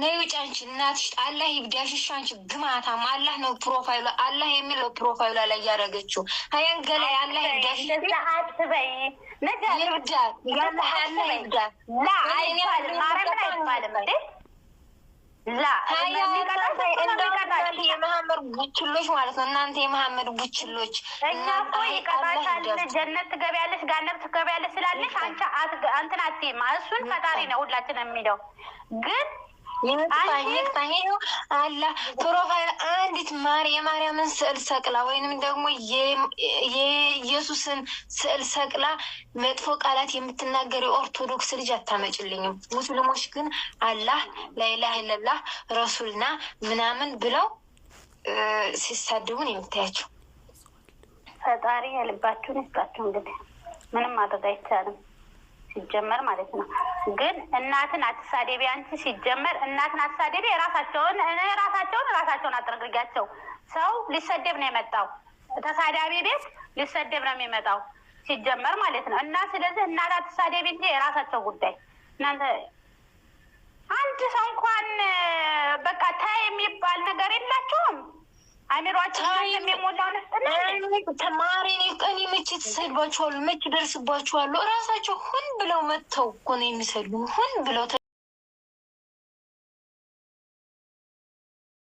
ነይ ውጭ አንቺ እናትሽ አላህ ይብዳሽሽ። አንቺ ግማታም አላህ ነው ፕሮፋይሉ አላህ የሚለው ፕሮፋይሏ ላይ እያደረገችው ሀያን ገላ አላህ ይብዳሽ የመሀመድ ቡችሎች ማለት ነው። እናንተ ቡችሎች እኛ እኮ ይቀጣሻል፣ ጀነት ትገቢያለሽ፣ ትገቢያለሽ ስላለሽ አንቺ አትይም። እሱን ፈጣሪ ነው ሁላችን የሚለው ግን አንዲት ማር የማርያምን ስዕል ሰቅላ ወይንም ደግሞ የኢየሱስን ስዕል ሰቅላ መጥፎ ቃላት የምትናገር የኦርቶዶክስ ልጅ አታመጭልኝም። ሙስሊሞች ግን አላህ ላይላህ ለላህ ረሱልና ምናምን ብለው ሲሳድቡን የምታያቸው። ፈጣሪ የልባችሁን ይስጣችሁ። እንግዲህ ምንም ማድረግ አይቻልም። ሲጀመር ማለት ነው። ግን እናትን አትሳደቢ አንቺ። ሲጀመር እናትን አትሳደቢ። የራሳቸውን ራሳቸውን ራሳቸውን አጥረግርጊያቸው። ሰው ሊሰደብ ነው የመጣው ተሳዳቢ ቤት ሊሰደብ ነው የሚመጣው ሲጀመር ማለት ነው። እና ስለዚህ እናት አትሳደቢ እንጂ የራሳቸው ጉዳይ እናንተ አንድ ሰው እንኳን በቃ ታ የሚባል ነገር የላቸው ተማሪ ቀን መቼ ተሰድባችኋል? ምች ደርስባቸዋሉ። እራሳቸው ሁን ብለው መጥተው እኮ ነው የሚሰድቡ ሆን ብለው